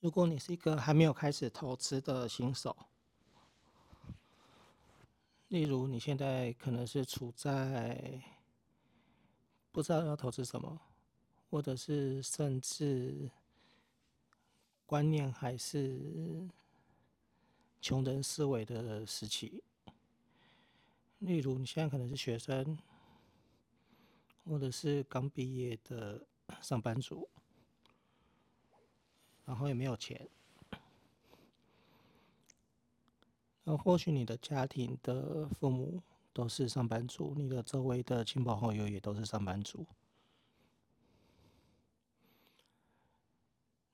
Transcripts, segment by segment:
如果你是一個還沒有開始投資的新手，例如你現在可能是處在不知道要投資什麼，或者是甚至觀念還是窮人思維的時期。例如你現在可能是學生，或者是剛畢業的上班族。然後也沒有錢，那或許你的家庭的父母都是上班族，你的周圍的親朋好友也都是上班族。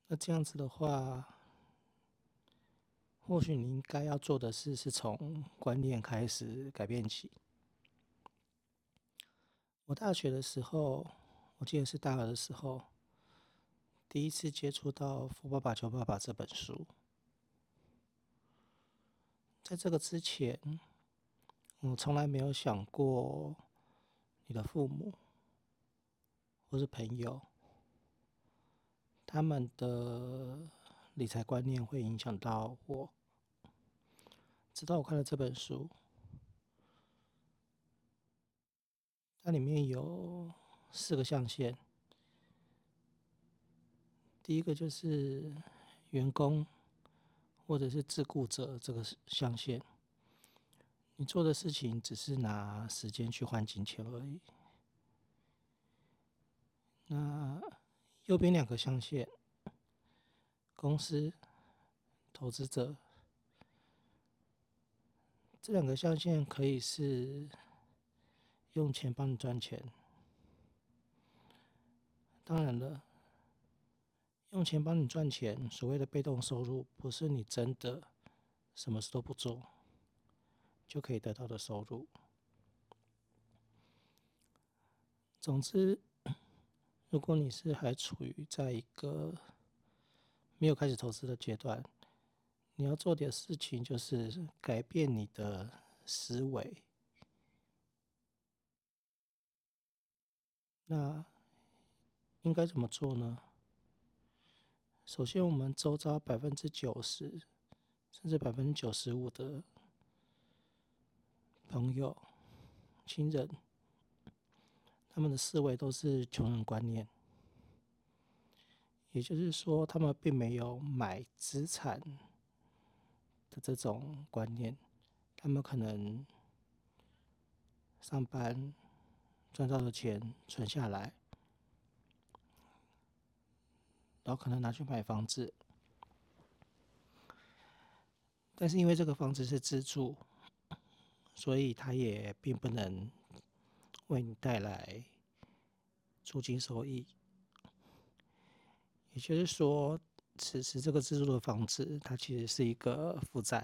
那這樣子的話，或許你應該要做的事是從觀念開始改變起。我大學的時候，我記得是大二的時候。第一次接觸到《富爸爸窮爸爸》這本書，在這個之前，我從來沒有想過，你的父母或是朋友，他們的理財觀念會影響到我。直到我看了這本書，它裡面有四個象限。第一個就是員工或者是自雇者這個象限，你做的事情只是拿時間去換金錢而已。那右邊兩個象限，公司、投資者，這兩個象限可以是用錢幫你賺錢。當然了。用錢幫你賺錢，所謂的被動收入，不是你真的什麼事都不做就可以得到的收入。總之，如果你是還處於在一個沒有開始投資的階段，你要做點事情，就是改變你的思維。那應該怎麼做呢？首先，我們周遭百分之九十，甚至百分之九十五的朋友、親人，他們的思維都是窮人觀念。也就是說，他們並沒有買資產的這種觀念，他們可能上班賺到的錢存下來。然後可能拿去買房子，但是因為這個房子是自住，所以它也並不能為你帶來租金收益。也就是說，此時這個自住的房子，它其實是一個負債，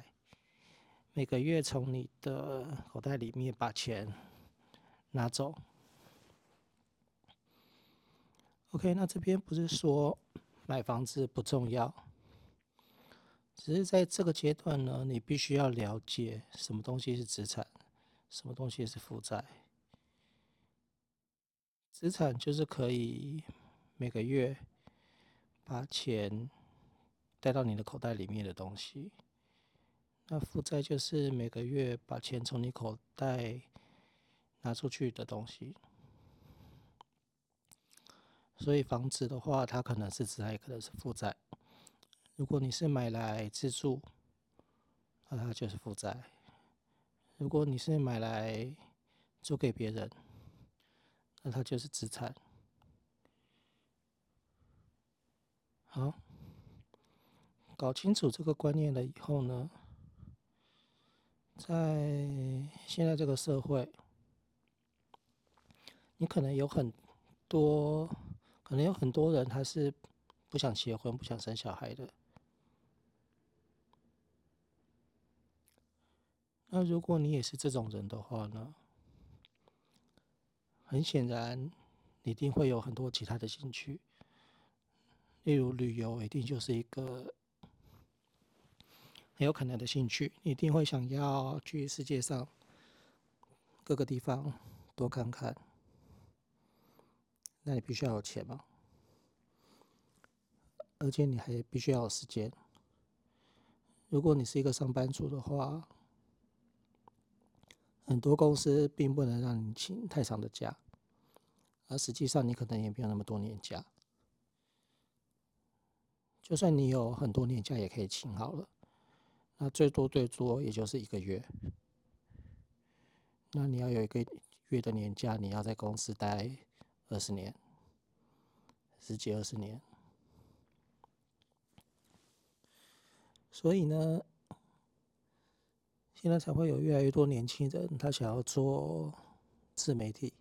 每個月從你的口袋裡面把錢拿走。OK，那這邊不是說。買房子不重要，只是在這個階段呢，你必須要了解什麼東西是資產，什麼東西是負債。資產就是可以每個月把錢帶到你的口袋裡面的東西，那負債就是每個月把錢從你口袋拿出去的東西。所以房子的話，它可能是資產，也可能是負債。如果你是買來自住，那它就是負債；如果你是買來租給別人，那它就是資產。好，搞清楚這個觀念了以後呢，在現在這個社會，你可能有很多。可能有很多人他是不想結婚、不想生小孩的。那如果你也是這種人的話呢？很顯然，你一定會有很多其他的興趣，例如旅遊，一定就是一個很有可能的興趣。你一定會想要去世界上各個地方多看看。那你必須要有錢嗎，而且你還必須要有時間。如果你是一個上班族的話，很多公司並不能讓你請太長的假，而實際上你可能也沒有那麼多年假。就算你有很多年假，也可以請好了，那最多最多也就是一個月。那你要有一個月的年假，你要在公司待二十年，十幾二十年，所以呢，現在才會有越來越多年輕人，他想要做自媒體。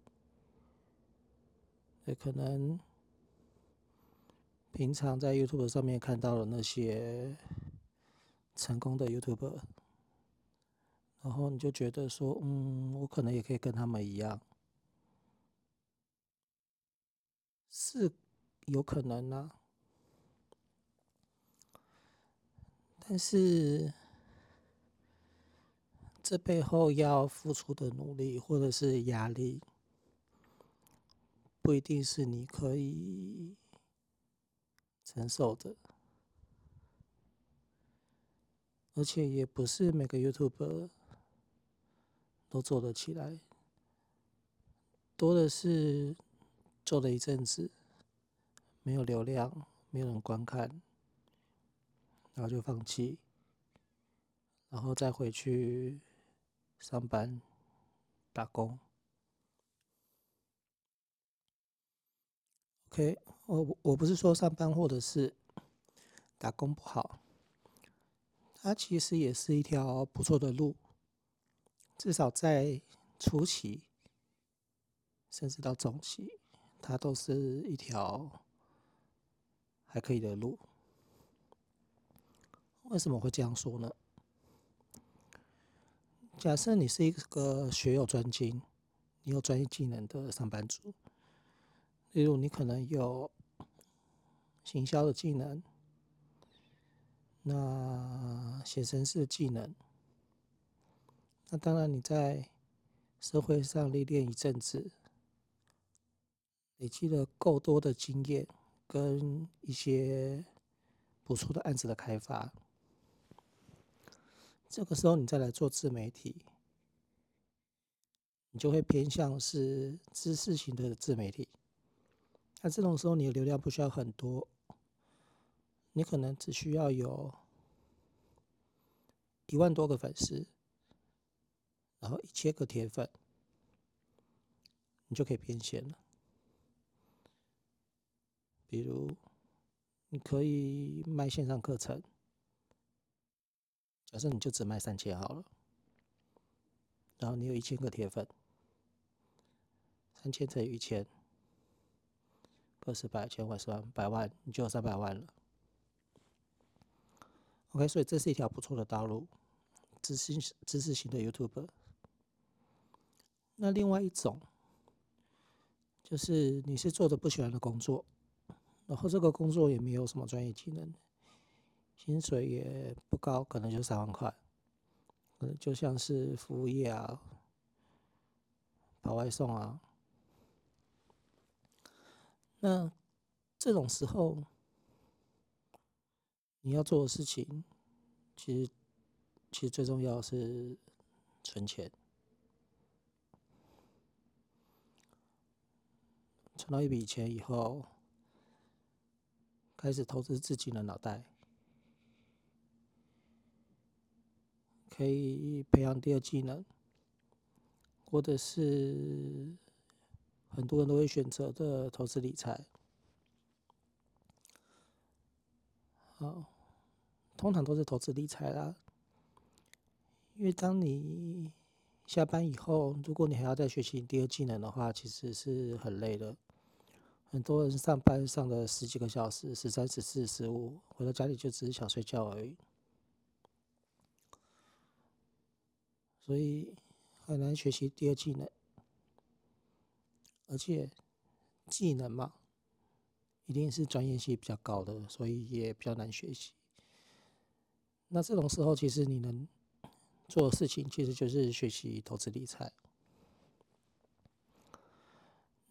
也可能平常在 YouTube 上面看到了那些成功的 YouTuber，然後你就覺得說：“嗯，我可能也可以跟他們一樣。”是有可能呢，啊，但是這背後要付出的努力或者是壓力，不一定是你可以承受的，而且也不是每個 YouTuber 都做得起來，多的是。做了一陣子，沒有流量，沒有人觀看，然後就放棄，然後再回去上班打工。OK，我我不是說上班或者是打工不好，它其實也是一條不錯的路，至少在初期，甚至到中期。它都是一條還可以的路。為什麼會這樣說呢？假設你是一個學有專精，你有專業技能的上班族，例如你可能有行銷的技能，那寫程式技能，那當然你在社會上歷練一陣子。累積了夠多的經驗，跟一些不錯的案子的開發，這個時候你再來做自媒體，你就會偏向是知識型的自媒體。那這種時候你的流量不需要很多，你可能只需要有，一萬多個粉絲，然後一千個鐵粉，你就可以變現了。比如，你可以賣線上課程。假設你就只賣三千好了，然後你有一千個鐵粉，三千乘以一千，二十百千萬、十萬、百萬，你就有三百萬了。OK，所以這是一條不錯的道路，知識知識型的 YouTuber。那另外一種，就是你是做着不喜歡的工作。然後這個工作也沒有什麼專業技能，薪水也不高，可能就三萬塊，就像是服務業啊、跑外送啊。那這種時候，你要做的事情，其實其實最重要是存錢，存到一筆錢以後。開始投資自己的腦袋，可以培養第二技能，或者是很多人都會選擇的投資理財。哦，通常都是投資理財啦，因為當你下班以後，如果你還要再學習第二技能的話，其實是很累的。很多人上班上了十幾個小時，十三、十四、十五，回到家裡就只是想睡覺而已，所以很難學習第二技能。而且技能嘛，一定是專業性比較高的，所以也比較難學習。那這種時候，其實你能做的事情，其實就是學習投資理財。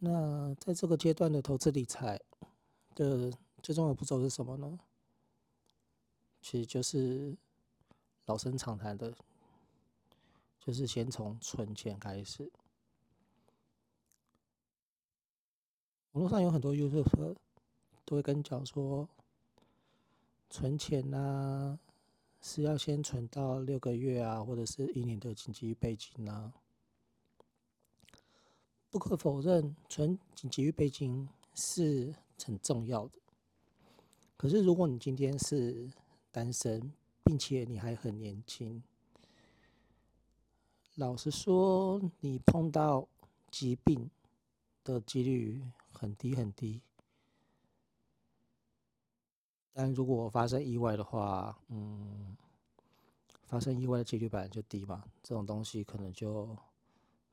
那在這個階段的投資理財的最重要的步驟是什麼呢？其實就是老生常談的，就是先從存錢開始。網絡上有很多 YouTuber 都會跟你講說，存錢吶、啊、是要先存到六個月啊，或者是一年的緊急備金吶、啊。不可否認，存緊急預備金是很重要的。可是，如果你今天是單身，並且你還很年輕，老實說，你碰到疾病的幾率很低很低。但如果發生意外的話，嗯，發生意外的幾率本來就低嘛，這種東西可能就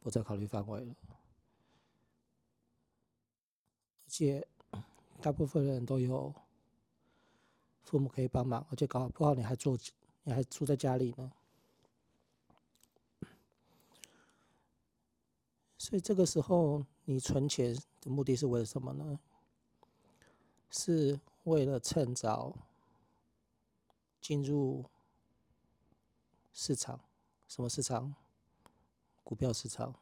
不在考慮範圍了。而且大部分人都有父母可以幫忙，而且搞不好你還住，你還住在家裡呢。所以這個時候，你存錢的目的是為了什麼呢？是為了趁早進入市場，什麼市場？股票市場。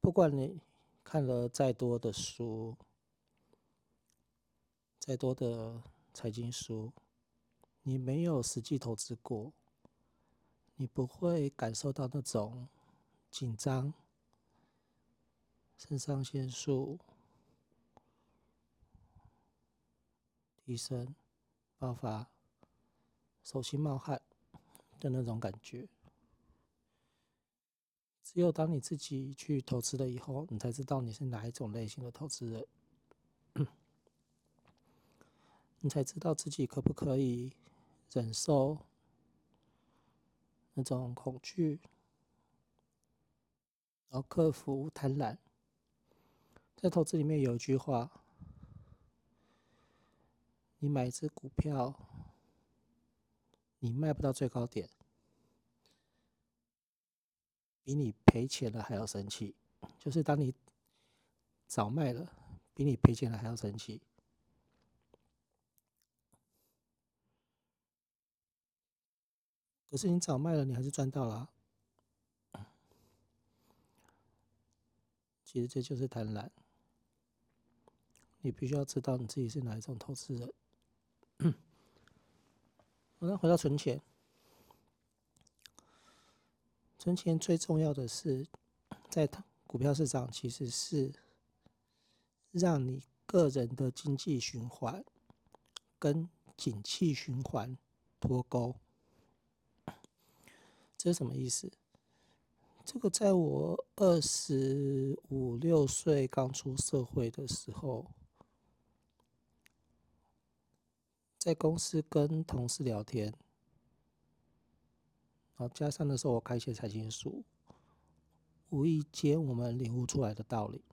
不管你。看了再多的書，再多的財經書，你沒有實際投資過，你不會感受到那種緊張、腎上腺素提升、爆發、手心冒汗的那種感覺。只有當你自己去投資了以後，你才知道你是哪一種類型的投資人， 你才知道自己可不可以忍受那種恐懼，然後克服貪婪。在投資裡面有一句話，你買一隻股票，你賣不到最高點。比你賠錢了還要生氣，就是當你早賣了，比你賠錢了還要生氣。可是你早賣了，你還是賺到了，啊。其實這就是貪婪。你必須要知道你自己是哪一種投資人。我們回到存錢。存錢最重要的是，在股票市場，其實是讓你個人的經濟循環跟景氣循環脫鈎。這是什麼意思？這個在我二十五六歲剛出社會的時候，在公司跟同事聊天。好，加上的時候，我開一些財經書，無意間我們領悟出來的道理。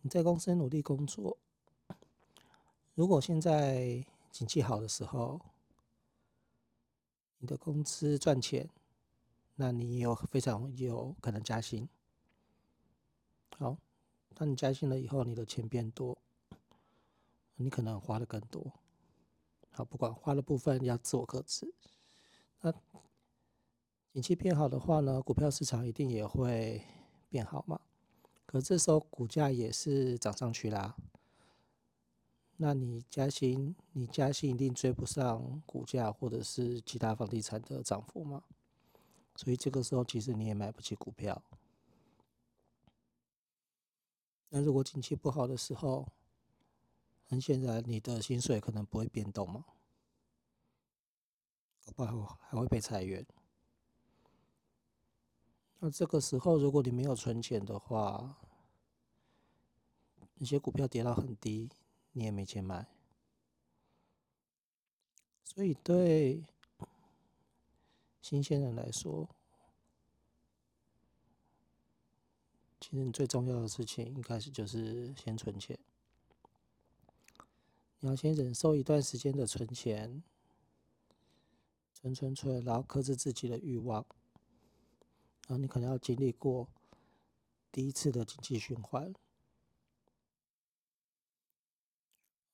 你在公司努力工作，如果現在景氣好的時候，你的公司賺錢，那你有非常有可能加薪。好，當你加薪了以後，你的錢變多，你可能花的更多。好，不管花的部分要做自我克制。那景氣變好的話呢，股票市場一定也會變好嘛？可這時候股價也是漲上去啦。那你加薪，你加薪一定追不上股價或者是其他房地產的漲幅嘛？所以這個時候其實你也買不起股票。那如果景氣不好的時候，很顯然，你的薪水可能不會變動嘛，搞不好還會被裁員。那這個時候，如果你沒有存錢的話，那些股票跌到很低，你也沒錢買。所以，對新鮮人來說，其實你最重要的事情，一開始就是先存錢。你要先忍受一段時間的存錢、存、存、存，然後克制自己的慾望，然後你可能要經歷過第一次的經濟循環。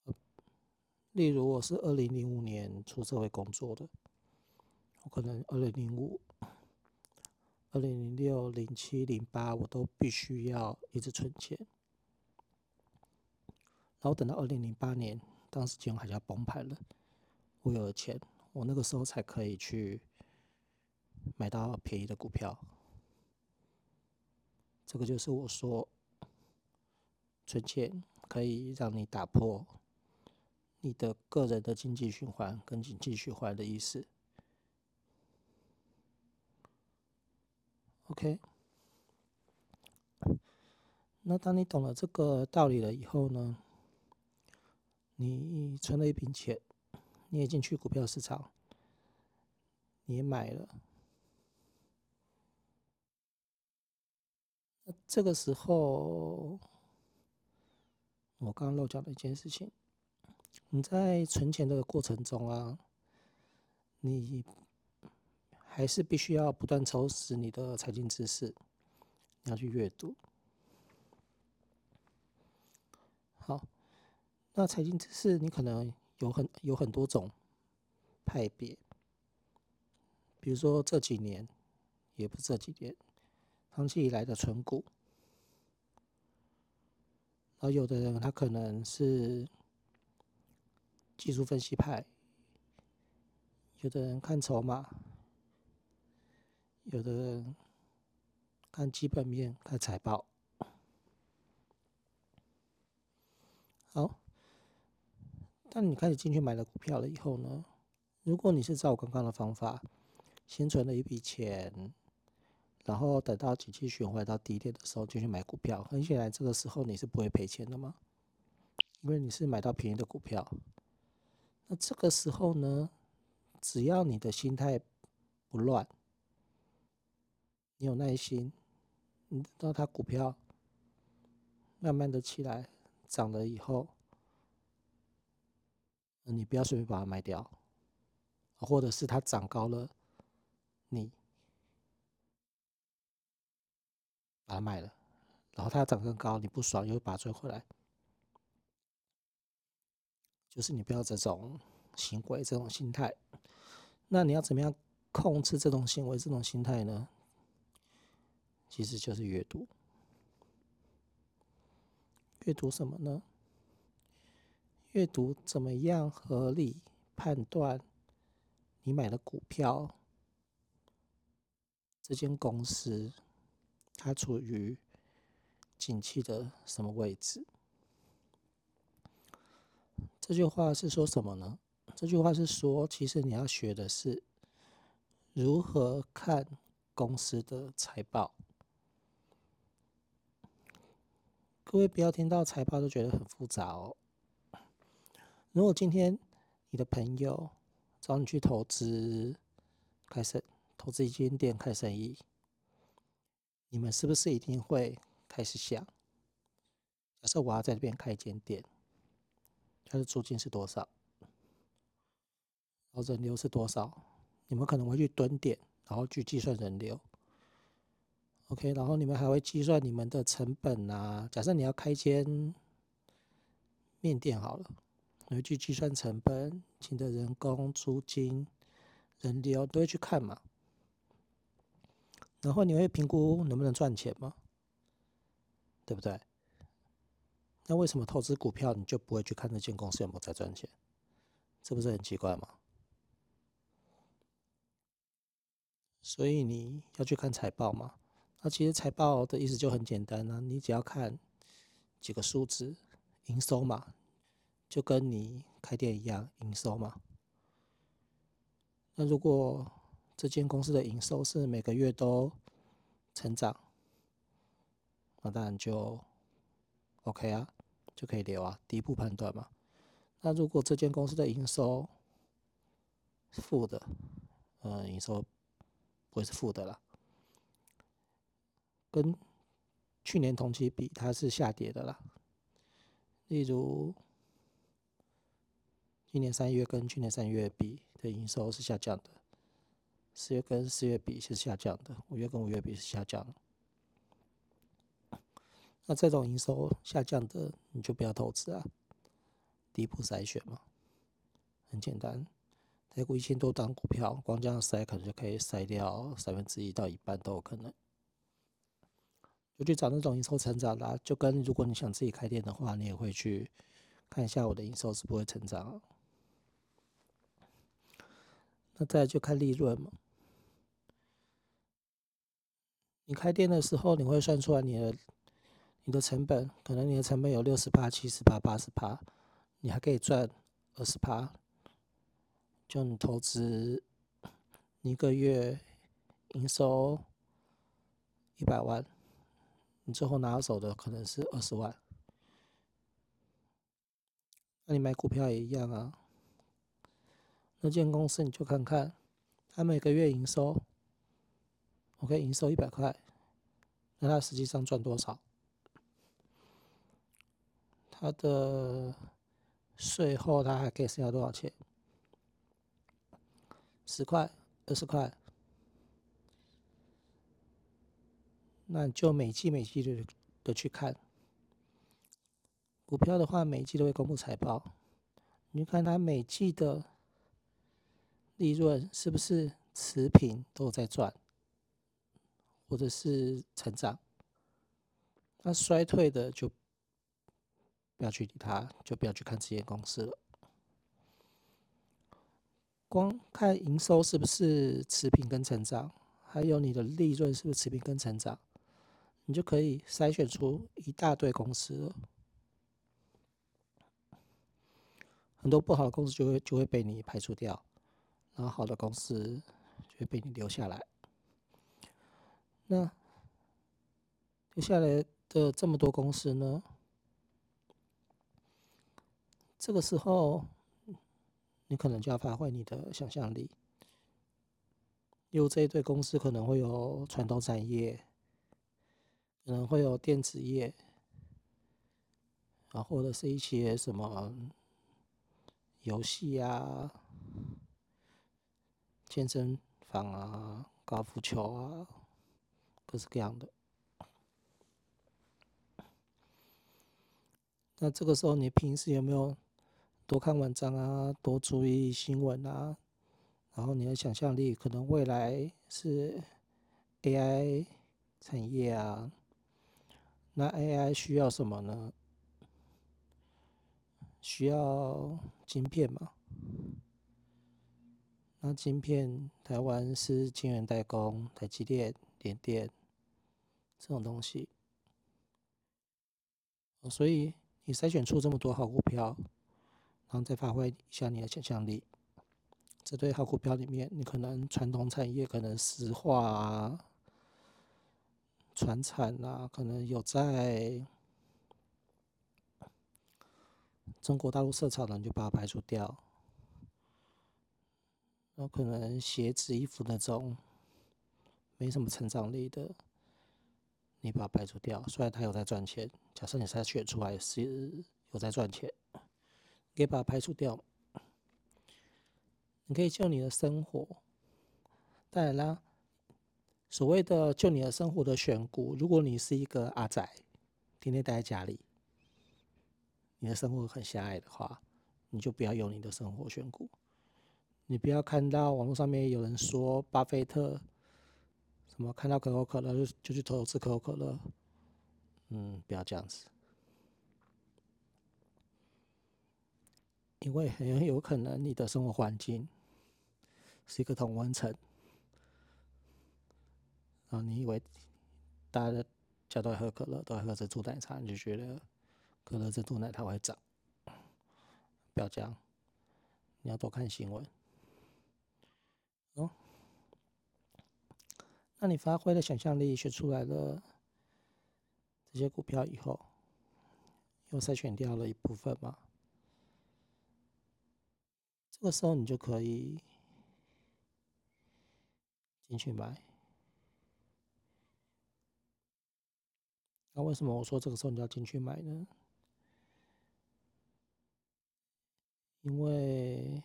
呃，例如，我是二零零五年出社會工作的，我可能二零零五、二零零六、零七、零八，我都必須要一直存錢，然後等到二零零八年。當時金融海嘯崩盤了，我有了錢，我那個時候才可以去買到便宜的股票。這個就是我說存錢可以讓你打破你的個人的經濟循環跟經濟循環的意思。OK，那當你懂了這個道理了以後呢？你存了一筆錢，你也進去股票市場，你也買了。那這個時候，我剛剛漏講了一件事情，你在存錢的過程中啊，你還是必須要不斷充實你的財經知識，你要去閱讀。好。那財經知識，你可能有很有很多種派別，比如說這幾年，也不是這幾年，長期以來的存股，然後有的人他可能是技術分析派，有的人看籌碼，有的人看基本面、看財報，好。但你開始進去買了股票了以後呢？如果你是照我剛剛的方法，先存了一筆錢，然後等到景氣循環到低點的時候就去買股票，很顯然這個時候你是不會賠錢的嘛，因為你是買到便宜的股票。那這個時候呢，只要你的心態不亂，你有耐心，你等到它股票慢慢的起來，漲了以後。你不要隨便把它賣掉，或者是它長高了，你把它賣了，然後它長更高，你不爽又把它追回來，就是你不要這種行為、這種心態。那你要怎麼樣控制這種行為、這種心態呢？其實就是閱讀，閱讀什麼呢？閱讀怎麼樣合理判斷你買的股票？這間公司它處於景氣的什麼位置？這句話是說什麼呢？這句話是說，其實你要學的是如何看公司的財報。各位不要聽到財報都覺得很複雜哦。如果今天你的朋友找你去投資、開生、投資一間店開生意，你們是不是一定會開始想？假設我要在這邊開一間店，它的租金是多少？然後人流是多少？你們可能會去蹲點，然後去計算人流。OK，然後你們還會計算你們的成本啊。假設你要開間麵店好了。你會去計算成本、請的人工、租金、人流，都會去看嘛，然後你會評估能不能賺錢嗎？對不對？那為什麼投資股票，你就不會去看那間公司有沒有在賺錢？這不是很奇怪嗎？所以你要去看財報嘛。那其實財報的意思就很簡單啦、啊，你只要看幾個數字，營收嘛。就跟你開店一樣，營收嘛。那如果這間公司的營收是每個月都成長，那當然就 OK 啊，就可以留啊。第一步判斷嘛。那如果這間公司的營收是負的，呃，營收不會是負的啦，跟去年同期比，它是下跌的啦。例如。今年三月跟去年三月比的營收是下降的，四月跟四月比是下降的，五月跟五月比是下降。那這種營收下降的你就不要投資啊，底部篩選嘛，很簡單。台股一千多檔股票，光這樣篩可能就可以篩掉三分之一到一半都有可能。就去找那種營收成長啦，啊，就跟如果你想自己開店的話，你也會去看一下我的營收是不會成長。那再來就看利潤嘛。你開店的時候，你會算出來你的你的成本，可能你的成本有六十八、七十八、八十八，你還可以賺二十八。就你投資一個月，營收一百萬，你最後拿到手的可能是二十萬。那你買股票也一樣啊。那間公司你就看看，它每個月營收我可以營收一百塊，那它實際上賺多少？它的稅後它還可以剩下多少錢？十塊、二十塊？那你就每季每季的的去看。股票的話，每季都會公布財報，你就看它每季的。利潤是不是持平都在賺，或者是成長？那衰退的就不要去理它，就不要去看這些公司了。光看營收是不是持平跟成長，還有你的利潤是不是持平跟成長，你就可以篩選出一大堆公司了。很多不好的公司就會就會被你排除掉。然後，好的公司就會被你留下來。那留下來的這麼多公司呢？這個時候，你可能就要發揮你的想象力，因為這一堆公司可能會有傳統產業，可能會有電子業，啊，或者是一些什麼遊戲啊。健身房啊，高爾夫球啊，各式各樣的。那這個時候，你平時有沒有多看文章啊，多注意新聞啊？然後你的想象力，可能未來是 AI 產業啊。那 AI 需要什麼呢？需要晶片嗎？那晶片，台灣是晶圓代工、台積電、聯電這種東西。所以你篩選出這麼多好股票，然後再發揮一下你的想象力。這堆好股票裡面，你可能傳統產業，可能石化啊，傳產啊，可能有在中國大陸設廠的，你就把它排除掉。那可能鞋子、衣服那種，沒什麼成長力的，你把它排除掉。雖然它有在賺錢，假設你篩選出來是有在賺錢，你可以把它排除掉。你可以就你的生活，當然啦，所謂的就你的生活的選股，如果你是一個阿宅，天天待在家裡，你的生活很狹隘的話，你就不要用你的生活選股。你不要看到網絡上面有人說巴菲特什麼看到可口可樂就就去投資，吃可口可樂，嗯，不要這樣子，因為很有可能你的生活環境是一個同溫層，然後你以為大家家都愛喝可樂，都愛喝珍珠奶茶，你就覺得可樂、珍珠奶茶會漲，不要這樣，你要多看新聞。那你發揮了想象力，選出來了這些股票以後，又篩選掉了一部分嘛？這個時候你就可以進去買。那為什麼我說這個時候你就要進去買呢？因為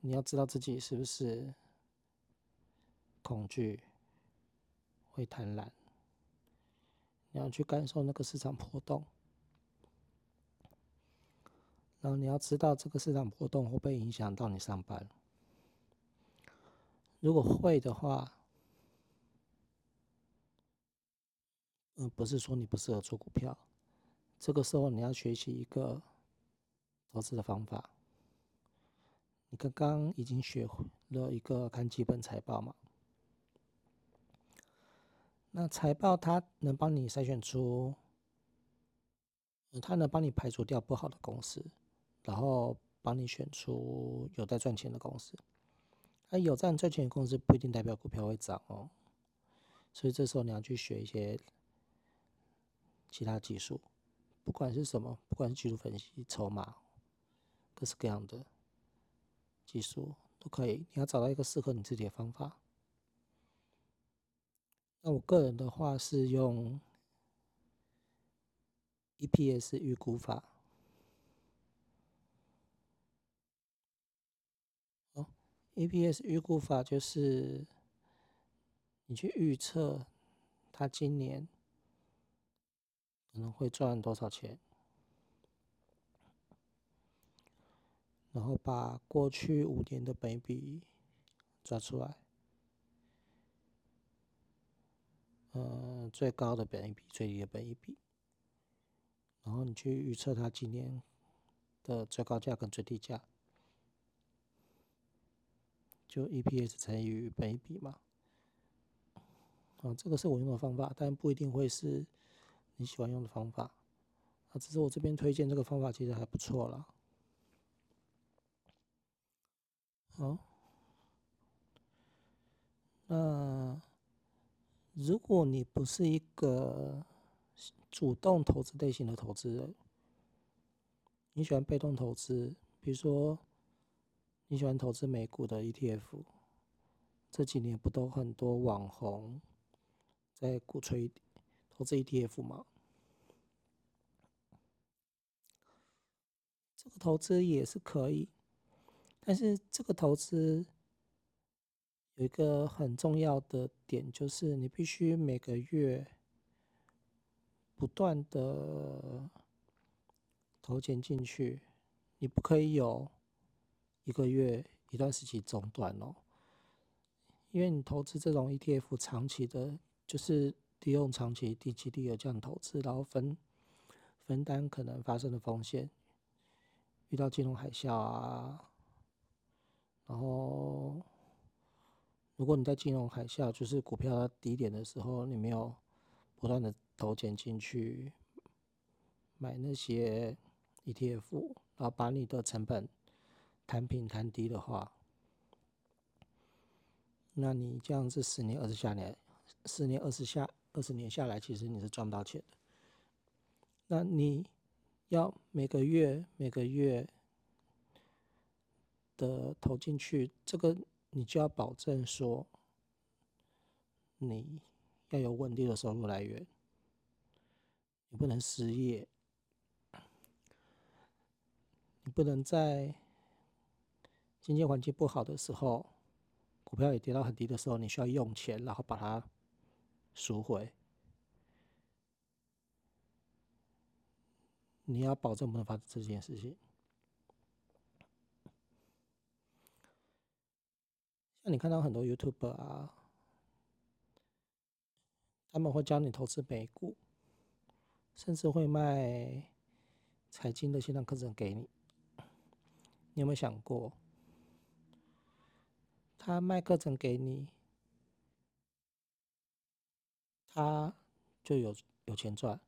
你要知道自己是不是恐懼。會貪婪，你要去感受那個市場波動，然後你要知道這個市場波動會不會影響到你上班。如果會的話，呃，不是說你不適合做股票，這個時候你要學習一個投資的方法。你剛剛已經學了一個看基本財報嘛？那財報它能幫你篩選出，它能幫你排除掉不好的公司，然後幫你選出有在賺錢的公司。而、啊、有在賺錢的公司不一定代表股票會漲哦、喔，所以這時候你要去學一些其他技術，不管是什麼，不管是技術分析、籌碼，各式各樣的技術都可以。你要找到一個適合你自己的方法。那我個人的話是用 EPS 預估法。哦，EPS 預估法就是你去預測它今年可能會賺多少錢，然後把過去五年的本益比抓出來。呃、嗯，最高的本益比，最低的本益比。然後你去預測它今年的最高價跟最低價，就 EPS 乘以本益比嘛。啊，這個是我用的方法，但不一定會是你喜歡用的方法。啊，只是我這邊推薦這個方法，其實還不錯啦。好，那。如果你不是一個主動投資類型的投資人，你喜歡被動投資，比如說你喜歡投資美股的 ETF，這幾年不都很多網紅在鼓吹投資 ETF 嗎？這個投資也是可以，但是這個投資。有一個很重要的點，就是你必須每個月不斷的投錢進去，你不可以有一個月、一段時期中斷哦，因為你投資這種 ETF 長期的，就是利用長期低基底有這樣投資，然後分分擔可能發生的風險，遇到金融海嘯啊，然後。如果你在金融海嘯，就是股票要低點的時候，你沒有不斷的投錢進去買那些 ETF，然後把你的成本攤平攤低的話，那你這樣子十年二十下年，十年二十下，二十年下來，其實你是賺不到錢的。那你要每個月每個月的投進去這個。你就要保證說，你要有穩定的收入來源，你不能失業，你不能在經濟環境不好的時候，股票也跌到很低的時候，你需要用錢，然後把它贖回。你要保證不能發生這件事情。那你看到很多 YouTuber 啊，他們會教你投資美股，甚至會賣財經的線上課程給你。你有沒有想過，他賣課程給你，他就有有錢賺？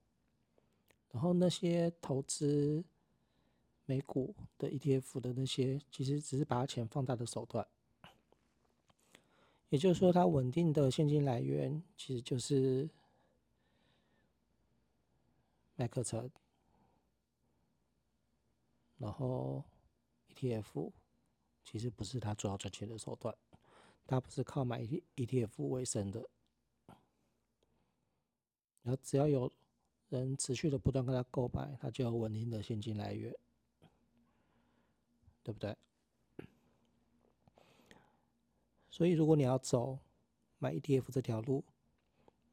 然後那些投資美股的 ETF 的那些，其實只是把錢放大的手段。也就是說，他穩定的現金來源其實就是賣課程，然後 ETF 其實不是他主要賺錢的手段，他不是靠買 ET ETF 為生的。然後只要有人持續的不斷跟他購買，他就有穩定的現金來源，對不對？所以，如果你要走買 ETF 這條路，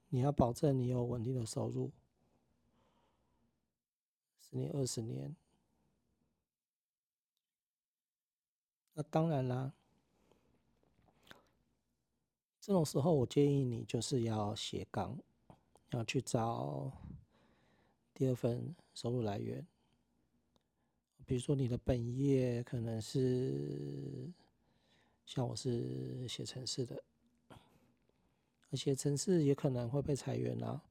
你要保證你有穩定的收入，十年、二十年。那當然啦，這種時候我建議你就是要斜槓，要去找第二份收入來源，比如說你的本業可能是。像我是寫程式的，而且程式也可能會被裁員啦、啊、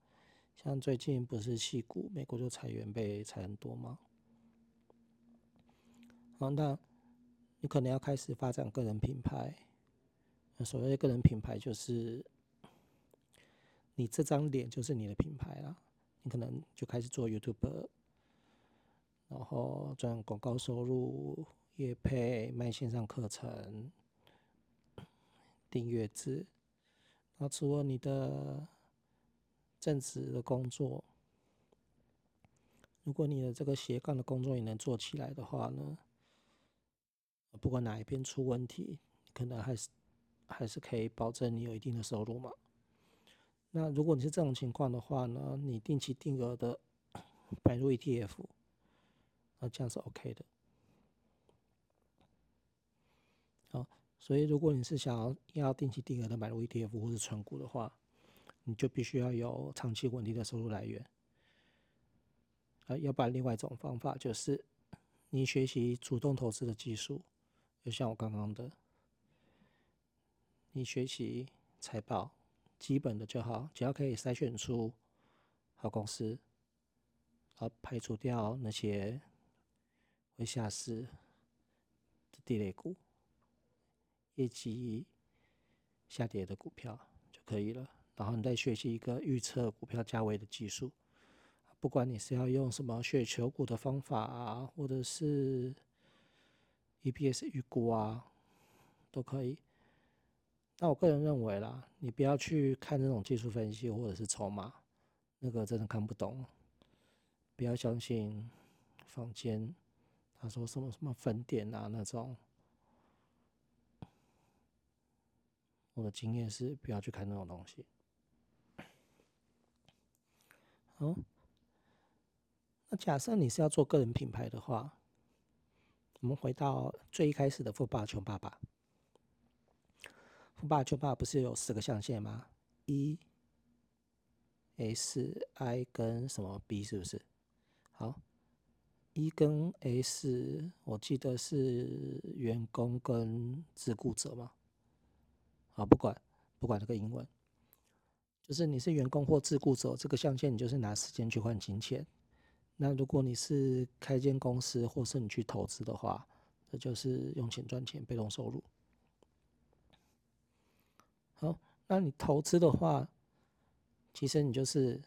像最近不是矽谷，美國就裁員被裁很多嗎？然後那你可能要開始發展個人品牌。那所謂的個人品牌就是，你這張臉就是你的品牌啦、啊。你可能就開始做 YouTuber，然後賺廣告收入、業配賣線上課程。訂閱制，那除了你的正職的工作，如果你的這個斜槓的工作也能做起來的話呢，不管哪一邊出問題，可能還是還是可以保證你有一定的收入嘛。那如果你是這種情況的話呢，你定期定額的買入 ETF，那這樣是 OK 的。所以，如果你是想要要定期定額的買入 ETF 或是存股的話，你就必須要有長期穩定的收入來源。啊，要不然另外一種方法就是，你學習主動投資的技術，就像我剛剛的，你學習財報基本的就好，只要可以篩選出好公司，然後排除掉那些會下市的地雷股。業績下跌的股票就可以了。然後你再學習一個預測股票價位的技術，不管你是要用什麼雪球股的方法啊，或者是 EPS 預估啊，都可以。那我個人認為啦，你不要去看那種技術分析或者是籌碼，那個真的看不懂。不要相信坊間他說什麼什麼分點啊那種。我的經驗是不要去看那種東西。好，那假設你是要做個人品牌的話，我們回到最一開始的《富爸爸窮爸爸》。富爸爸窮爸爸不是有四個象限嗎？E, S I 跟什麼 B 是不是？好，E 跟 S，我記得是員工跟自雇者嘛。啊、哦，不管不管這個英文，就是你是員工或自雇者，這個象限你就是拿時間去換金錢。那如果你是開間公司或是你去投資的話，那就是用錢賺錢，被動收入。好，那你投資的話，其實你就是，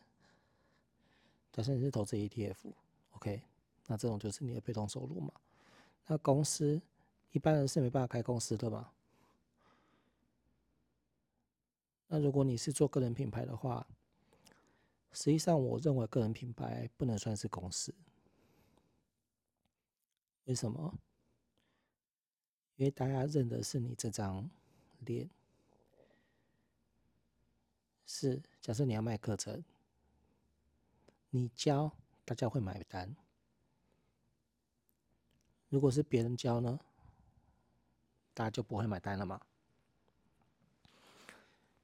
假設你是投資 ETF，OK，、OK? 那這種就是你的被動收入嘛。那公司一般人是沒辦法開公司的嘛。那如果你是做個人品牌的話，實際上我認為個人品牌不能算是公司。為什麼？因為大家認的是你這張臉。是，假設你要賣課程，你教，大家會買單。如果是別人教呢？大家就不會買單了嘛。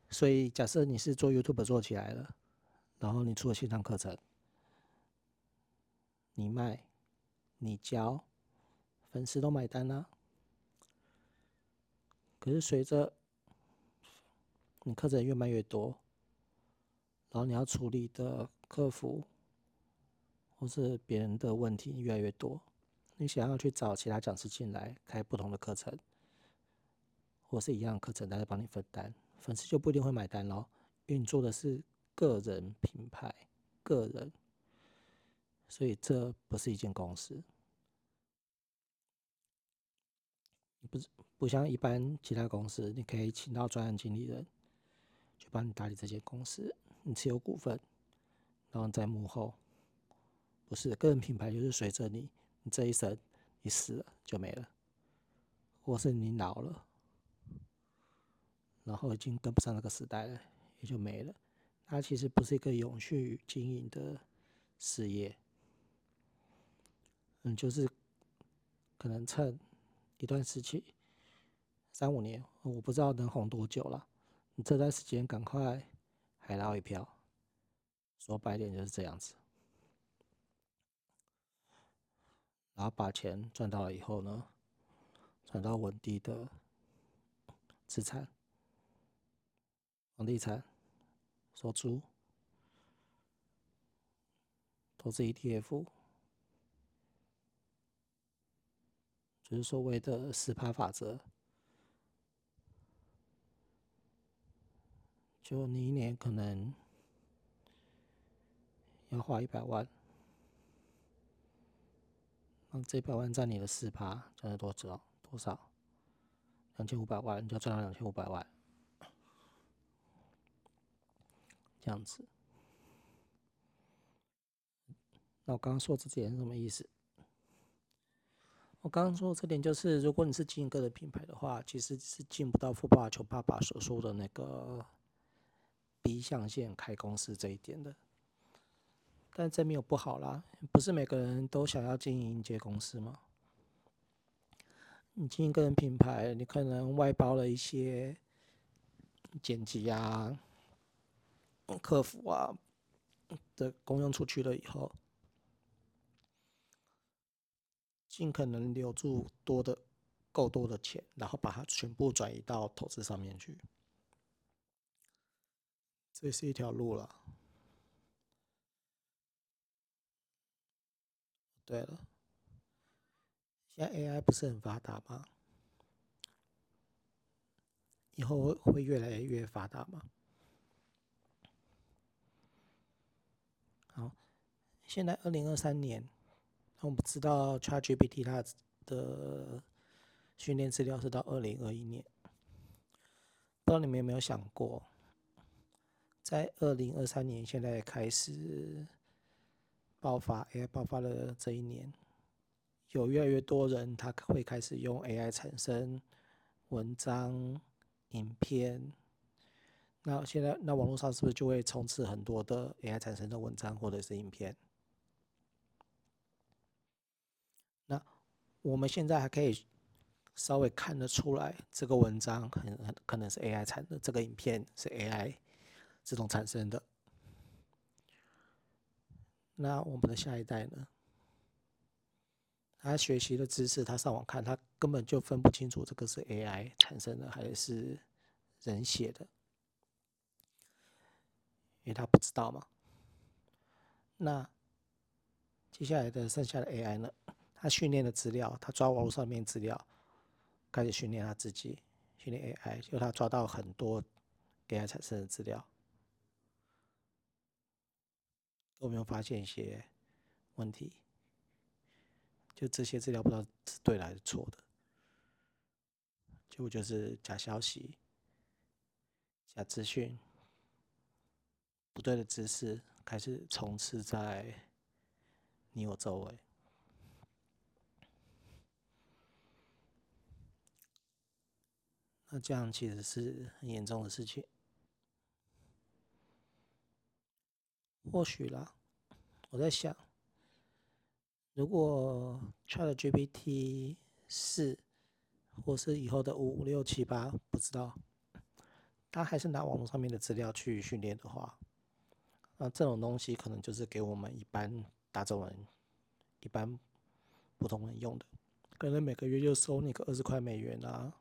所以，假設你是做 YouTube 做起來了，然後你出了線上課程，你賣，你教，粉絲都買單啦、啊。可是，隨着你課程越賣越多，然後你要處理的客服或是別人的問題越來越多，你想要去找其他講師進來開不同的課程，或是一樣課程他會幫你分擔。粉絲就不一定會買單咯，因為你做的是個人品牌，個人，所以這不是一間公司，你不是不像一般其他公司，你可以請到專業經理人，去幫你打理這間公司，你持有股份，然後在幕後，不是個人品牌就是隨着你，你這一生，你死了就沒了，或是你老了。然後已經跟不上那個時代了，也就沒了。它其實不是一個永續經營的事業，嗯，就是可能趁一段時期，三五年，我不知道能紅多久了。這段時間趕快海撈一票，說白點就是這樣子。然後把錢賺到了以後呢，轉到穩定的資產。房地產、收租、投資 ETF，就是所謂的四趴法則。就你一年可能要花一百萬，那這一百萬占你的四趴，賺了多少？多少？兩千五百萬，你就賺了兩千五百萬。這樣子，那我剛剛說這點是什麼意思？我剛剛說的這點就是，如果你是經營個人品牌的話，其實是進不到富爸球爸爸所說的那個 B 象限開公司這一點的。但這沒有不好啦，不是每個人都想要經營一間公司嗎？你經營個人品牌，你可能外包了一些剪輯啊。客服啊的供應出去了以後，盡可能留住多的、夠多的錢，然後把它全部轉移到投資上面去，這是一條路了。對了，現在 AI 不是很發達嗎？以後會越來越發達嗎？現在二零二三年，我們知道 ChatGPT 它的訓練資料是到二零二一年。不知道你們有沒有想過，在二零二三年現在開始爆發 AI 爆發的這一年，有越來越多人他會開始用 AI 產生文章、影片。那現在，那網絡上是不是就會充斥很多的 AI 產生的文章或者是影片？我們現在還可以稍微看得出來，這個文章很很可能是 AI 產的，這個影片是 AI 自動產生的。那我們的下一代呢？他學習的知識，他上網看，他根本就分不清楚這個是 AI 產生的還是人寫的，因為他不知道嘛。那接下來的剩下的 AI 呢？他訓練的資料，他抓網絡上面資料，開始訓練他自己訓練 AI，就他抓到很多 AI 產生的資料，有沒有發現一些問題？就這些資料不知道是對的還是錯的，結果就是假消息、假資訊、不對的知識開始充斥在你我周圍。那、啊、這樣其實是很嚴重的事情。或許啦，我在想，如果 ChatGPT 四，或是以後的五五六七八，不知道，他還是拿網絡上面的資料去訓練的話，那、啊、這種東西可能就是給我們一般大眾人、一般普通人用的，可能每個月就收你個二十塊美元啊。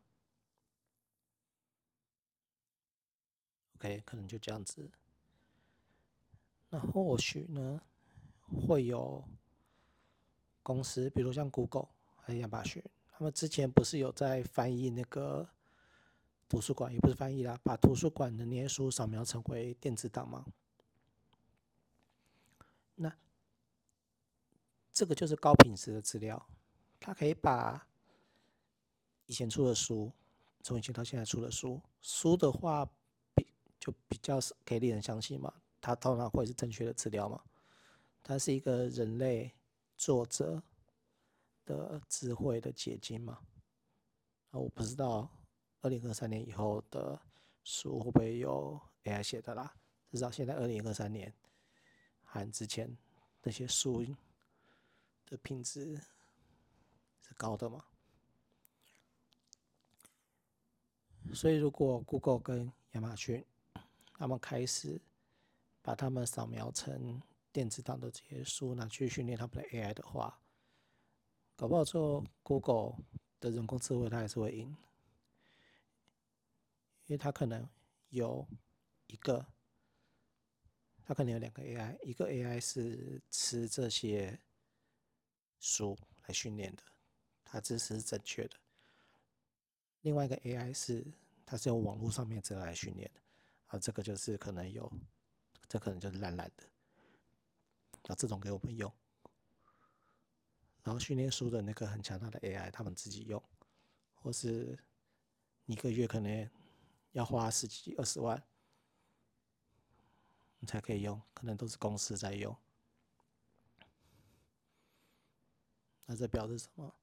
OK，可能就這樣子。那或許呢，會有公司，比如像 Google 還有亞馬遜，他們之前不是有在翻譯那個圖書館，也不是翻譯啦，把圖書館的那些書掃描成為電子檔嗎？那這個就是高品質的資料，它可以把以前出的書，從以前到現在出的書，書的話。就比較是可以令人相信嘛，它當然會是正確的資料嘛，它是一個人類作者的智慧的結晶嘛。啊，我不知道二零二三年以後的書會不會有 AI 寫的啦，至少現在二零二三年和之前那些書的品質是高的嘛。所以如果 Google 跟亞馬遜，他們開始把他們掃描成電子檔的這些書拿去訓練他們的 AI 的話，搞不好之後 Google 的人工智慧它還是會贏，因為它可能有一個，它可能有兩個 AI，一個 AI 是吃這些書來訓練的，它知識是正確的，另外一個 AI 是它是用網絡上面這來訓練的。啊，這個就是可能有，這個、可能就是懶懶的，啊，這種給我們用。然後訓練出的那個很強大的 AI，他們自己用，或是一個月可能要花十幾二十萬你才可以用，可能都是公司在用。那這表示什麼？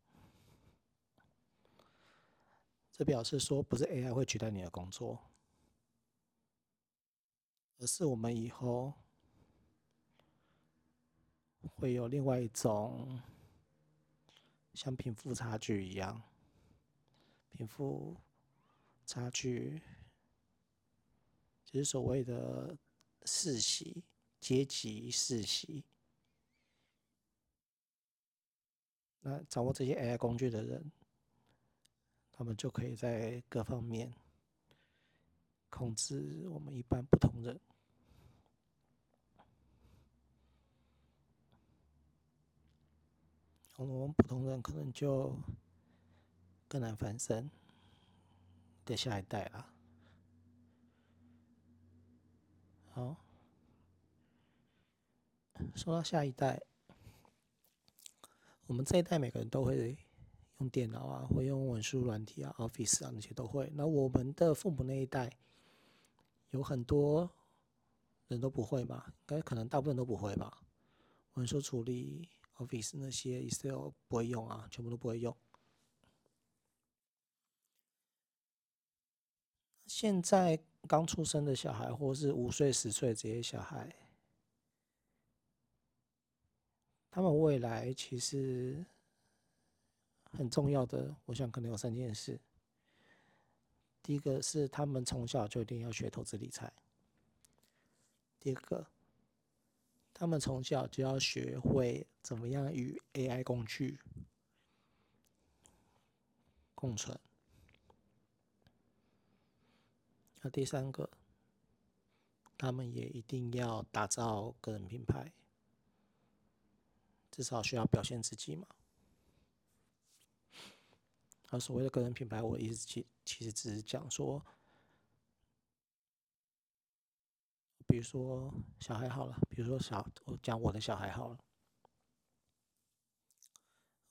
這表示說，不是 AI 會取代你的工作。可是我們以後會有另外一種，像貧富差距一樣，貧富差距，就是所謂的世襲，階級世襲。那掌握這些 AI 工具的人，他們就可以在各方面控制我們一般普通人。我、嗯、們普通人可能就更難翻身的下一代了。好，說到下一代，我們這一代每個人都會用電腦啊，會用文書軟體啊，Office 啊那些都會。那我們的父母那一代，有很多人都不會嘛，應該可能大部分都不會吧，文書處理。Office 那些 Excel 不會用啊，全部都不會用。現在剛出生的小孩，或是五歲、十歲這些小孩，他們未來其實很重要的，我想可能有三件事：第一個是他們從小就一定要學投資理財；第二個。他們從小就要學會怎麼樣與 AI 工具共存。那、啊、第三個，他們也一定要打造個人品牌，至少需要表現自己嘛。而、啊、所謂的個人品牌，我一直其其實只是講說。比如說小孩好了，比如說小，我講我的小孩好了，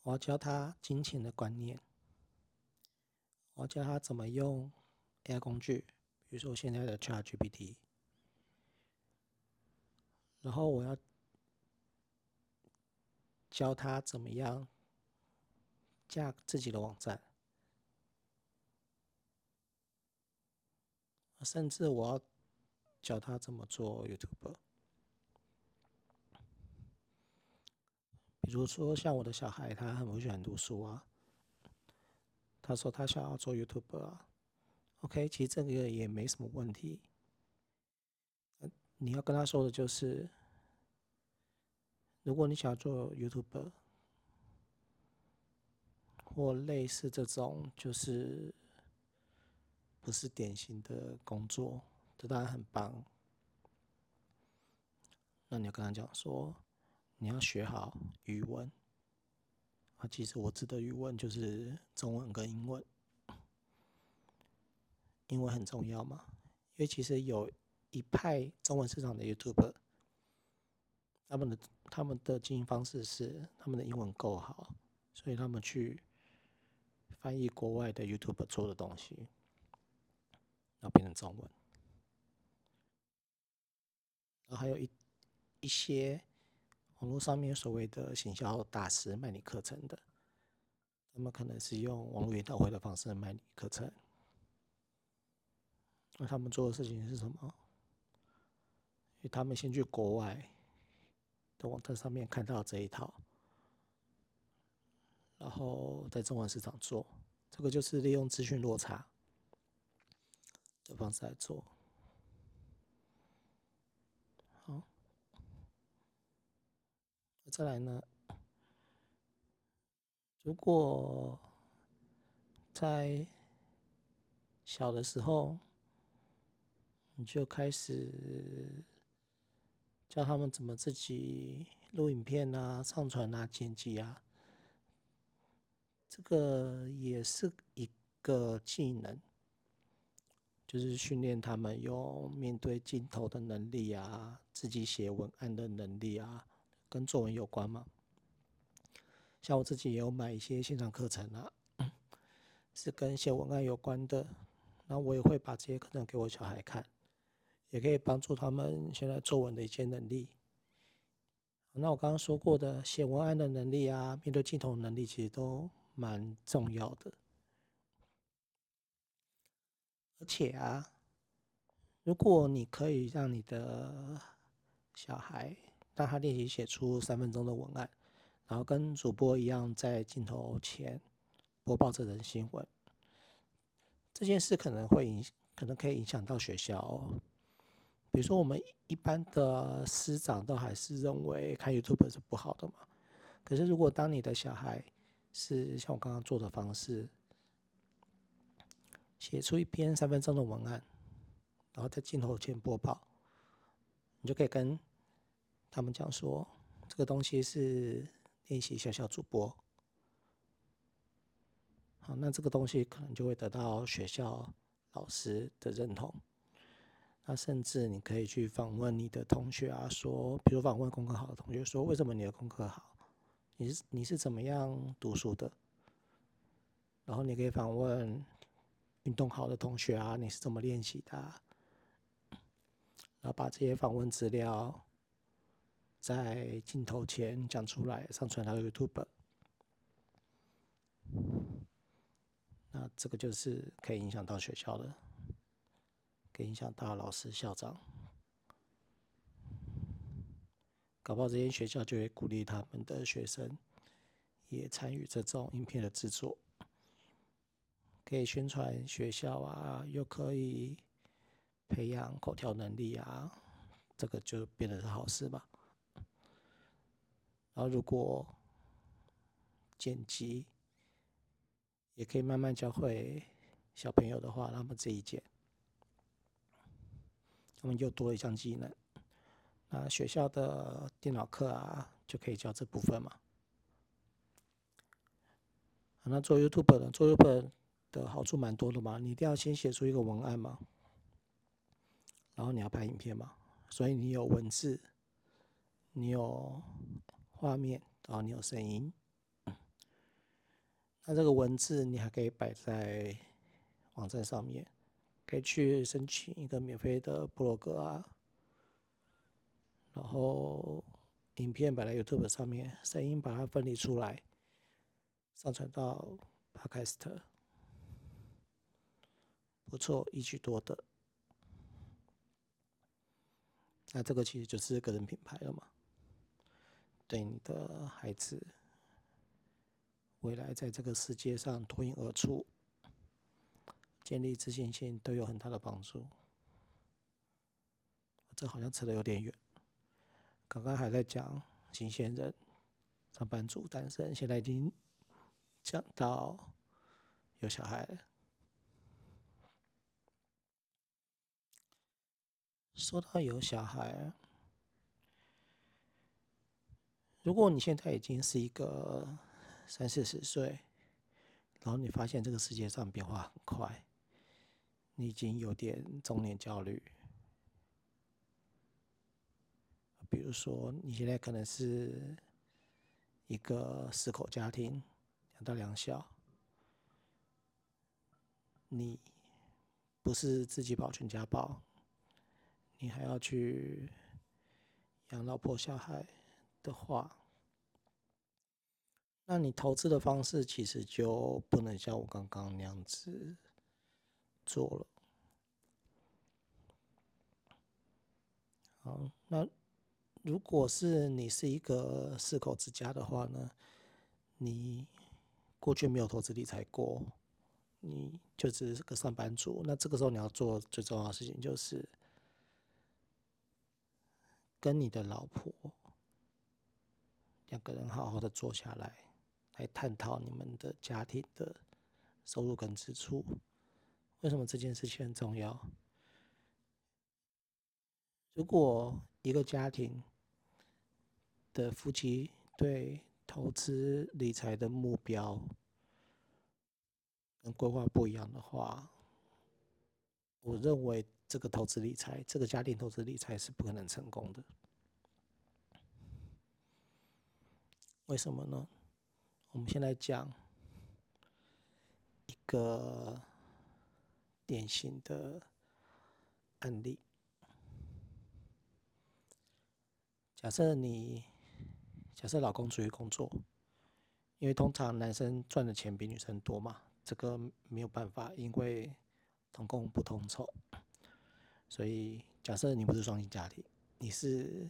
我要教他金錢的觀念，我要教他怎麼用 AI 工具，比如說我現在的 ChatGPT，然後我要教他怎麼樣架自己的網站，甚至我要。教他怎麼做 YouTuber，比如說像我的小孩，他很不喜歡讀書啊。他說他想要做 YouTuber 啊。OK，其實這個也沒什麼問題。呃，你要跟他說的就是，如果你想做 YouTuber 或類似這種，就是不是典型的工作。這當然很棒。那你要跟他講說，你要學好語文。啊，其實我指的語文就是中文跟英文，英文很重要嘛。因為其實有一派中文市場的 YouTuber，他們的他們的經營方式是他們的英文夠好，所以他們去翻譯國外的 YouTuber 做的東西，然後變成中文。還有一一些網絡上面所謂的行銷大師賣你課程的，他們可能是用網絡研討會的方式賣你課程。那他們做的事情是什麼？他們先去國外的網站上面看到這一套，然後在中文市場做，這個就是利用資訊落差的方式來做。再來呢？如果在小的時候，你就開始教他們怎麼自己錄影片啊、上傳啊、剪輯啊，這個也是一個技能，就是訓練他們用面對鏡頭的能力啊、自己寫文案的能力啊。跟作文有關嗎？像我自己也有買一些線上課程啊，是跟寫文案有關的。那我也會把這些課程給我小孩看，也可以幫助他們現在作文的一些能力。那我剛剛說過的寫文案的能力啊，面對鏡頭的能力，其實都蠻重要的。而且啊，如果你可以讓你的小孩，讓他練習寫出三分鐘的文案，然後跟主播一樣在鏡頭前播報這則新聞。這件事可能會影響，可能可以影響到學校哦。比如說，我們一般的師長都還是認為看 YouTube 是不好的嘛。可是，如果當你的小孩是像我剛剛做的方式，寫出一篇三分鐘的文案，然後在鏡頭前播報，你就可以跟。他們講說，這個東西是練習小小主播。好，那這個東西可能就會得到學校老師的認同。那甚至你可以去訪問你的同學啊，說，比如訪問功課好的同學，說為什麼你的功課好？你是你是怎麼樣讀書的？然後你可以訪問運動好的同學啊，你是怎麼練習的啊？然後把這些訪問資料。在鏡頭前講出來，上傳到 YouTube，那這個就是可以影響到學校的，可以影響到老師、校長，搞不好這些學校就會鼓勵他們的學生也參與這種影片的製作，可以宣傳學校啊，又可以培養口條能力啊，這個就變得是好事吧。然後，如果剪輯也可以慢慢教會小朋友的話，那麼這一屆，他們又多一項技能。那學校的電腦課啊，就可以教這部分嘛。那做 YouTube 的，做 YouTube 的好處蠻多的嘛。你一定要先寫出一個文案嘛，然後你要拍影片嘛，所以你有文字，你有。畫面，然後你有聲音，那這個文字你還可以擺在網站上面，可以去申請一個免費的博客啊。然後影片擺在 YouTube 上面，聲音把它分離出來，上傳到 Podcast，不錯，一舉多得。那這個其實就是個人品牌了嘛。對你的孩子未來在這個世界上脫穎而出、建立自信心都有很大的幫助。這好像扯得有點遠，剛剛還在講新鮮人、上班族、單身，現在已經講到有小孩。說到有小孩。如果你現在已經是一個三四十歲，然後你發現這個世界上變化很快，你已經有點中年焦慮。比如說，你現在可能是一個四口家庭，兩大兩小，你不是自己保全家寶，你還要去養老婆小孩的話，那你投資的方式其實就不能像我剛剛那樣子做了。好，那如果是你是一個四口之家的話呢，你過去沒有投資理財過，你就只是個上班族，那這個時候你要做最重要的事情就是跟你的老婆。兩個人好好的坐下來，來探討你們的家庭的收入跟支出，為什麼這件事情很重要？如果一個家庭的夫妻對投資理財的目標跟規劃不一樣的話，我認為這個投資理財，這個家庭投資理財是不可能成功的。為什麼呢？我們先來講一個典型的案例。假設你假設老公出去工作，因為通常男生賺的錢比女生多嘛，這個沒有辦法，因為同工不同酬。所以假設你不是雙薪家庭，你是。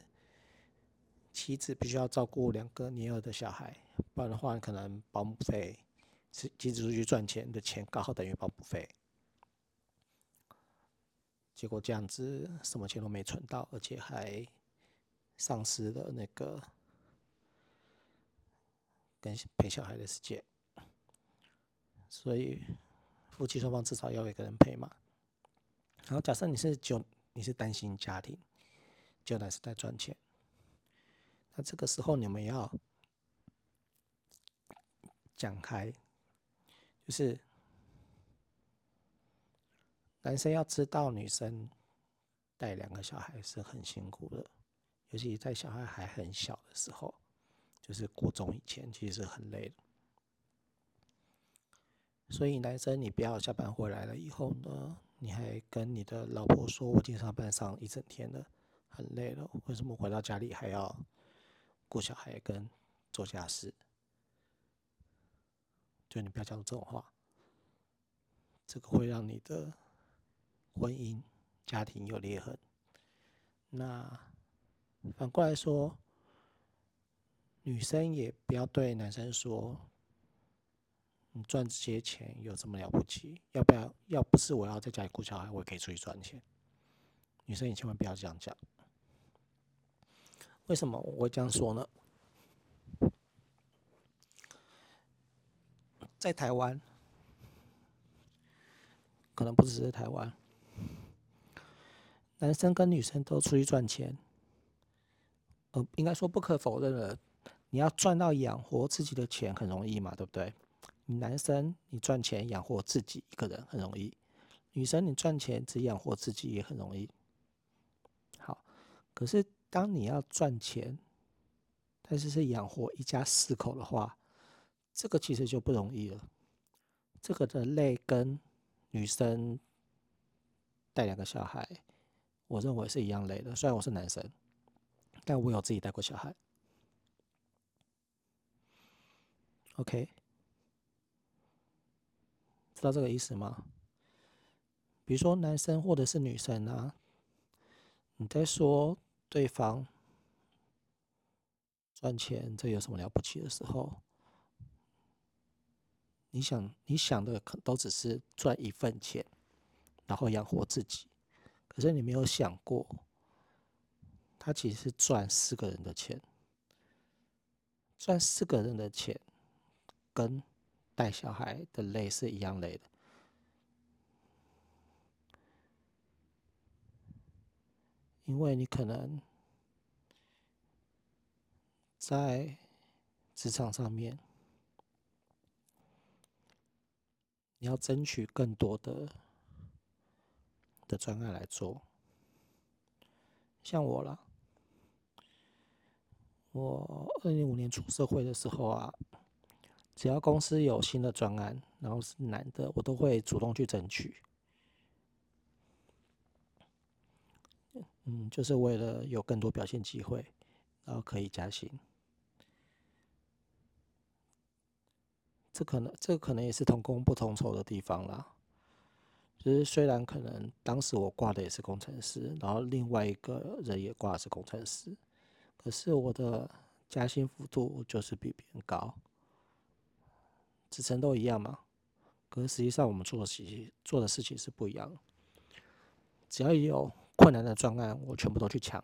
妻子必須要照顧兩個年幼的小孩，不然的話，可能保姆費妻子出去賺錢的錢剛好等於保姆費。結果這樣子什麼錢都沒存到，而且還喪失了那個跟陪小孩的時間。所以夫妻雙方至少要有一個人陪嘛。然後假設你是就，你是單親家庭，就男生在賺錢。那這個時候你們要講開，就是男生要知道，女生帶兩個小孩是很辛苦的，尤其在小孩還很小的時候，就是國中以前，其實是很累的。所以男生，你不要下班回來了以後呢，你還跟你的老婆說：“我今天上班上一整天了，很累了。”為什麼回到家裡還要？顧小孩跟做家事，就你不要講這種話，這個會讓你的婚姻家庭有裂痕。那反過來說，女生也不要對男生說，你賺這些錢有什麼了不起？要不要？要不是我要在家裡顧小孩，我也可以出去賺錢。女生也千萬不要這樣講。為什麼我會這樣說呢？在台灣，可能不只是台灣，男生跟女生都出去賺錢。呃，應該說不可否認的，你要賺到養活自己的錢很容易嘛，對不對？你男生你賺錢養活自己一個人很容易，女生你賺錢只養活自己也很容易。好，可是當你要賺錢，但是是養活一家四口的話，這個其實就不容易了。這個的累跟女生帶兩個小孩，我認為是一樣累的。雖然我是男生，但我有自己帶過小孩。OK？知道這個意思嗎？比如說男生或者是女生啊，你在說。對方賺錢，這有什麼了不起的時候？你想，你想的可都只是賺一份錢，然後養活自己。可是你沒有想過，他其實是賺四個人的錢，賺四個人的錢，跟帶小孩的累是一樣累的。因為你可能在職場上面，你要爭取更多的的專案來做。像我啦，我二零零五年出社會的時候啊，只要公司有新的專案，然後是難的，我都會主動去爭取。嗯，就是為了有更多表現機會，然後可以加薪。這可能，這可能也是同工不同酬的地方啦。就是雖然可能當時我掛的也是工程師，然後另外一個人也掛的是工程師，可是我的加薪幅度就是比別人高。職稱都一樣嘛，可是實際上我們做的做的事情是不一樣。只要有。困難的專案，我全部都去搶。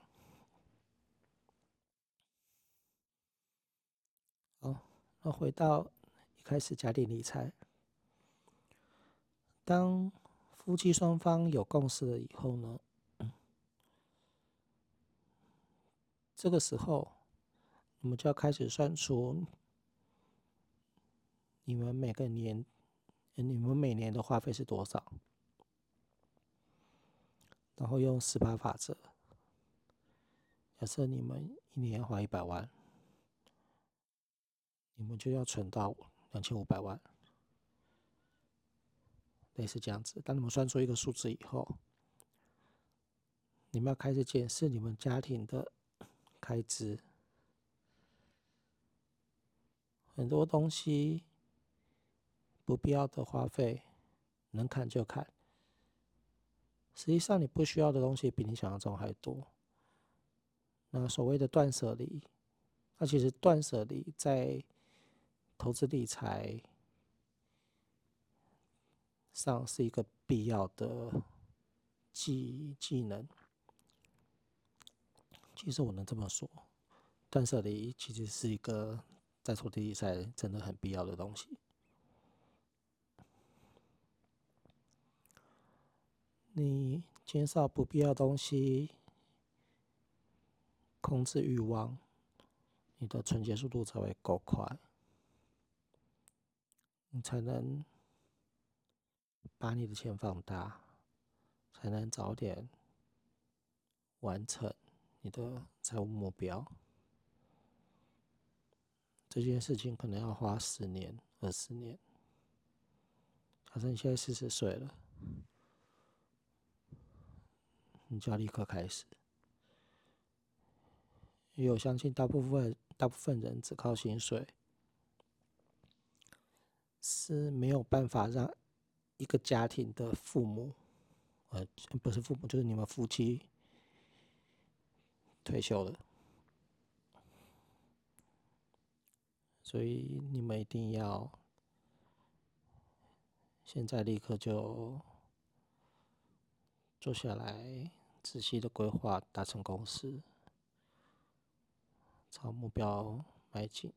好，那回到一開始家庭理財，當夫妻雙方有共識了以後呢，這個時候，我們就要開始算出你們每個年，你們每年的花費是多少。然後用十八法則，假設你們一年花一百萬，你們就要存到兩千五百萬，類似這樣子。當你們算出一個數字以後，你們要開始檢視你們家庭的開支，很多東西不必要的花費，能砍就砍。實際上，你不需要的東西比你想象中還多。那所謂的斷捨離，那其實斷捨離在投資理財上是一個必要的技技能。其實我能這麼說，斷捨離其實是一個在做理財真的很必要的東西。你減少不必要的東西，控制欲望，你的存錢速度才會夠快，你才能把你的錢放大，才能早點完成你的財務目標。這件事情可能要花十年、二十年，好像你現在四十歲了。你就要立刻開始。因為我相信大部分大部分人只靠薪水是沒有辦法讓一個家庭的父母，呃，不是父母，就是你們夫妻退休了，所以你們一定要現在立刻就坐下來，仔細的規劃，達成共識，朝目標邁進。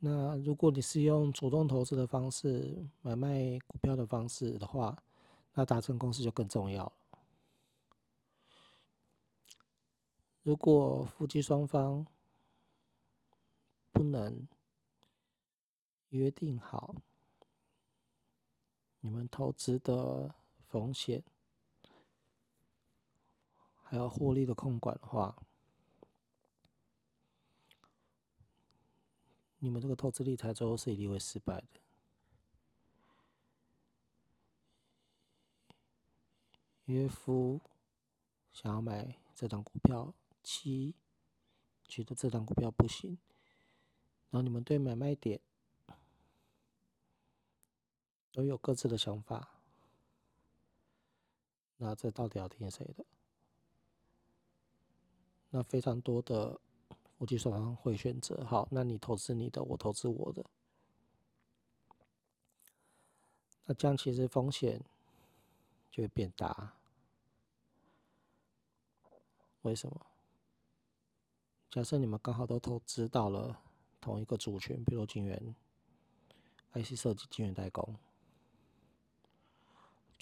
那如果你是用主動投資的方式買賣股票的方式的話，那達成共識就更重要了。如果夫妻雙方不能約定好，你們投資的風險，還有獲利的控管的話，你們這個投資理財最後是一定會失敗的。約夫想要買這檔股票，妻覺得這檔股票不行，然後你們對買賣點都有各自的想法，那這到底要聽誰的？那非常多的國際雙方會選擇好，那你投資你的，我投資我的，那這樣其實風險就會變大。為什麼？假設你們剛好都投資到了同一個族群，比如晶圓、IC 設計、晶圓代工。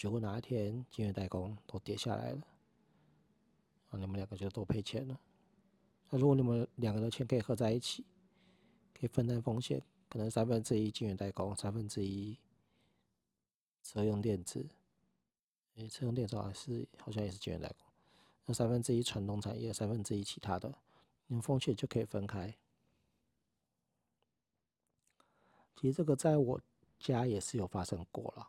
結果哪一天晶圓代工都跌下來了，啊，你們兩個就都賠錢了。那如果你們兩個的錢可以合在一起，可以分擔風險，可能三分之一晶圓代工，三分之一車用電子，哎、欸，車用電子好像是好像也是晶圓代工，那三分之一傳統產業，三分之一其他的，你們風險就可以分開。其實這個在我家也是有發生過了。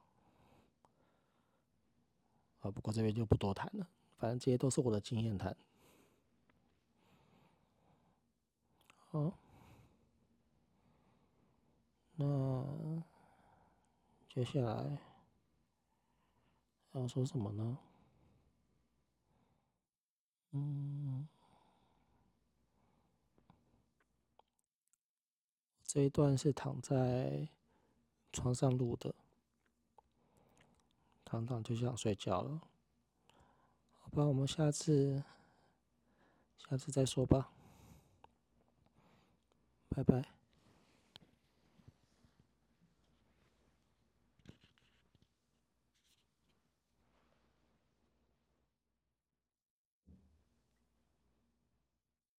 啊，不過這邊就不多談了，反正這些都是我的經驗談。好，那接下來要說什麼呢？嗯，這一段是躺在床上錄的。剛剛就想睡覺了，好吧，我們下次，下次再說吧。拜拜。